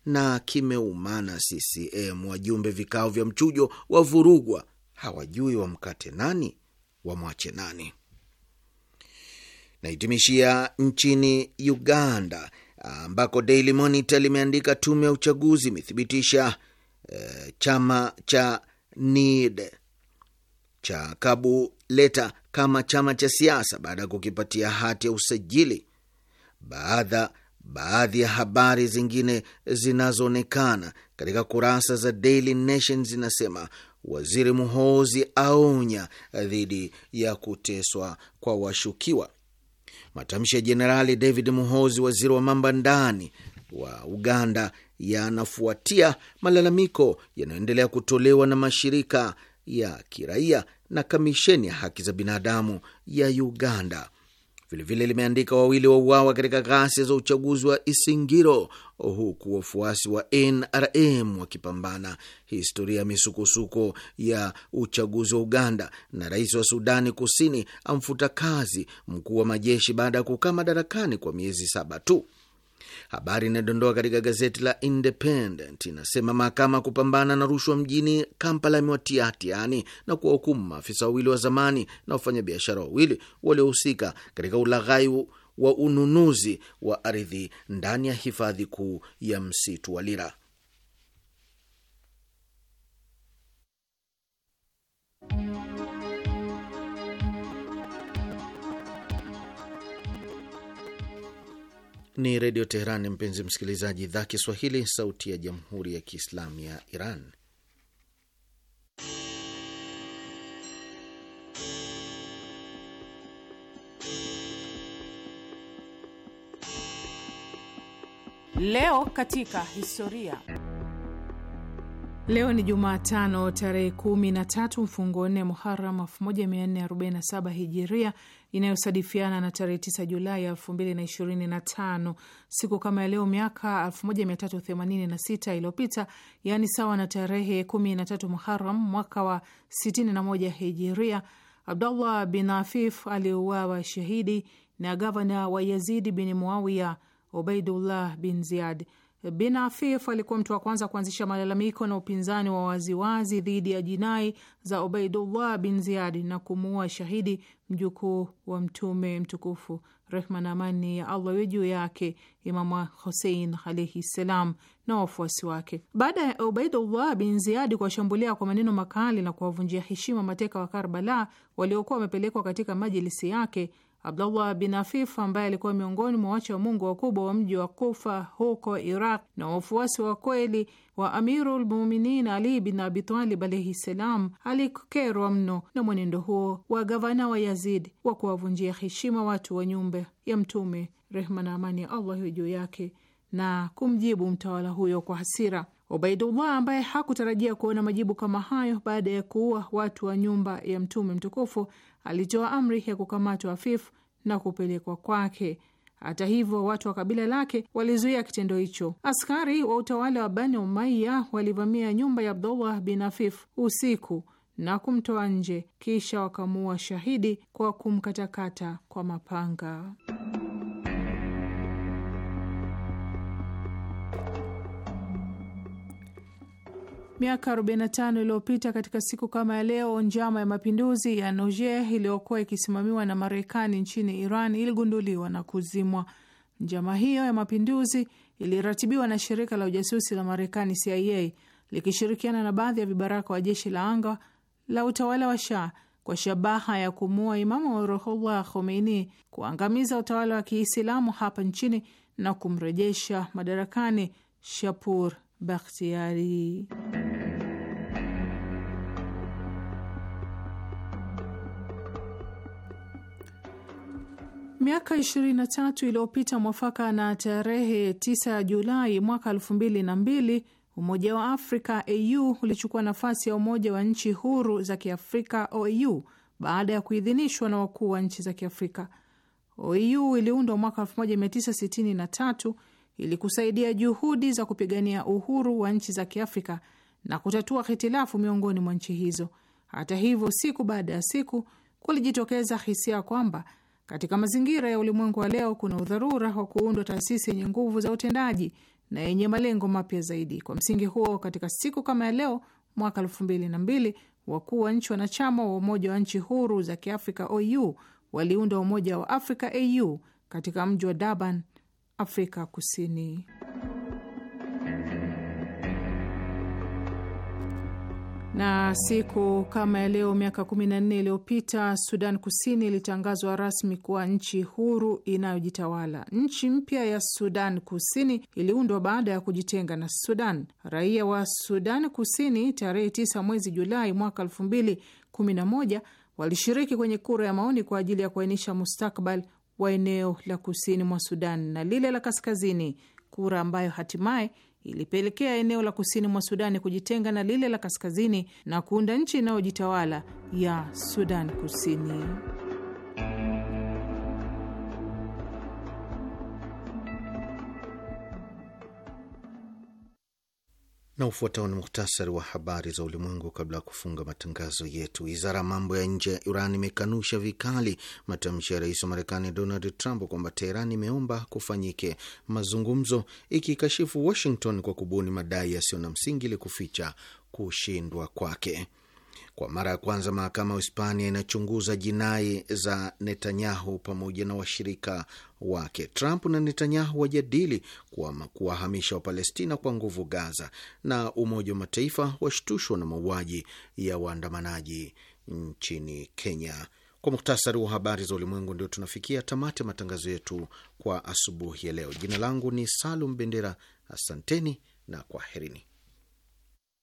na kimeumana CCM. Wajumbe vikao vya mchujo wa vurugwa, hawajui wamkate nani wamwache nani. Nahitimishia nchini Uganda ambako Daily Monitor limeandika tume ya uchaguzi imethibitisha e, chama cha NIDE cha Leta kama chama cha siasa baada ya kukipatia hati ya usajili. Baadha, baadhi ya habari zingine zinazoonekana katika kurasa za Daily Nation zinasema Waziri mhozi aonya dhidi ya kuteswa kwa washukiwa. Matamshi ya Jenerali David Muhoozi, waziri wa mambo ndani wa Uganda, yanafuatia malalamiko yanayoendelea kutolewa na mashirika ya kiraia na kamisheni ya haki za binadamu ya Uganda. Vilevile limeandika wawili wa uawa katika ghasia za uchaguzi wa Isingiro, huku wafuasi wa NRM wakipambana. Historia ya misukosuko ya uchaguzi wa Uganda. Na rais wa Sudani Kusini amfuta kazi mkuu wa majeshi baada ya kukaa madarakani kwa miezi saba tu. Habari inayodondoa katika gazeti la Independent inasema mahakama ya kupambana na rushwa mjini Kampala imewatia hatiani na kuwahukumu maafisa wawili wa zamani na wafanyabiashara wawili waliohusika katika ulaghai wa ununuzi wa ardhi ndani ya hifadhi kuu ya msitu wa Lira. Ni Redio Teheran, mpenzi msikilizaji, idhaa Kiswahili, sauti ya jamhuri ya kiislamu ya Iran. Leo katika historia Leo ni Jumatano tarehe kumi na tatu mfungo nne Muharam 1447 hijiria inayosadifiana na tarehe 9 Julai 2025. Siku kama ya leo miaka 1386 iliyopita, yaani sawa na tarehe 13 Muharam mwaka wa 61 hijiria, Abdullah bin Afif aliuawa shahidi na gavana wa Yazidi bin Muawiya Ubaidullah bin Ziyad Bin Afif alikuwa mtu wa kwanza kuanzisha malalamiko na upinzani wa waziwazi dhidi ya jinai za Ubaidullah bin Ziyadi na kumuua shahidi mjukuu wa Mtume mtukufu, rehma na amani ya Allah iwe juu yake, Imamu Husein alaihi ssalam na wafuasi wake. Baada ya Ubaidullah bin Ziyadi kuwashambulia kwa maneno makali na kuwavunjia heshima mateka wa Karbala waliokuwa wamepelekwa katika majilisi yake Abdullah bin Afif ambaye alikuwa miongoni mwa wacha wa Mungu wakubwa wa mji wa Kufa huko Iraq na wafuasi wa kweli wa Amirul Muminin Ali bin Abitalib alaihi ssalam, alikerwa mno na mwenendo huo wa gavana wa Yazid wa kuwavunjia heshima watu wa nyumba ya Mtume, rehma na amani ya Allah iwe juu yake, na kumjibu mtawala huyo kwa hasira. Ubaidullah ambaye hakutarajia kuona majibu kama hayo baada ya kuua watu wa nyumba ya mtume mtukufu alitoa amri ya kukamatwa Afifu na kupelekwa kwake. Hata hivyo watu wa kabila lake walizuia kitendo hicho. Askari wa utawala wa Bani Umaiya walivamia nyumba ya Abdullah bin Afif usiku na kumtoa nje, kisha wakamuua shahidi kwa kumkatakata kwa mapanga. Miaka 45 iliyopita katika siku kama ya leo, njama ya mapinduzi ya Nojeh iliyokuwa ikisimamiwa na Marekani nchini Iran iligunduliwa na kuzimwa. Njama hiyo ya mapinduzi iliratibiwa na shirika la ujasusi la Marekani CIA likishirikiana na baadhi ya vibaraka wa jeshi la anga la utawala wa Shah kwa shabaha ya kumua Imamu ruhullah Khomeini, kuangamiza utawala wa Kiislamu hapa nchini na kumrejesha madarakani Shapur Bakhtiari. Miaka 23 iliyopita mwafaka na tarehe 9 Julai mwaka 2002 Umoja wa Afrika AU ulichukua nafasi ya Umoja wa Nchi Huru za Kiafrika OAU baada ya kuidhinishwa na wakuu wa nchi za Kiafrika. OAU iliundwa mwaka 1963 ili kusaidia juhudi za kupigania uhuru wa nchi za Kiafrika na kutatua hitilafu miongoni mwa nchi hizo. Hata hivyo, siku baada ya siku kulijitokeza hisia kwamba katika mazingira ya ulimwengu wa leo, kuna udharura wa kuundwa taasisi yenye nguvu za utendaji na yenye malengo mapya zaidi. Kwa msingi huo, katika siku kama ya leo mwaka elfu mbili na mbili wakuu wa nchi wanachama wa Umoja wa Nchi Huru za Kiafrika OU waliunda Umoja wa Afrika AU katika mji wa Durban, Afrika Kusini. Na siku kama ya leo miaka 14 iliyopita Sudan Kusini ilitangazwa rasmi kuwa nchi huru inayojitawala. Nchi mpya ya Sudan Kusini iliundwa baada ya kujitenga na Sudan. Raia wa Sudan Kusini tarehe 9 mwezi Julai mwaka 2011 walishiriki kwenye kura ya maoni kwa ajili ya kuainisha mustakbal wa eneo la kusini mwa Sudan na lile la kaskazini, kura ambayo hatimaye ilipelekea eneo la kusini mwa Sudani kujitenga na lile la kaskazini na kuunda nchi inayojitawala ya Sudan Kusini. Na ufuatao ni muhtasari wa habari za ulimwengu kabla ya kufunga matangazo yetu. Wizara ya mambo ya nje ya Iran imekanusha vikali matamshi ya rais wa Marekani Donald Trump kwamba Teheran imeomba kufanyike mazungumzo, ikikashifu Washington kwa kubuni madai yasiyo na msingi ili kuficha kushindwa kwake. Kwa mara ya kwanza mahakama ya Hispania inachunguza jinai za Netanyahu pamoja na washirika wake. Trump na Netanyahu wajadili kuwahamisha Wapalestina kwa nguvu Gaza, na Umoja wa Mataifa washtushwa na mauaji ya waandamanaji nchini Kenya. Kwa muktasari wa habari za ulimwengu, ndio tunafikia tamati ya matangazo yetu kwa asubuhi ya leo. Jina langu ni Salum Bendera, asanteni na kwaherini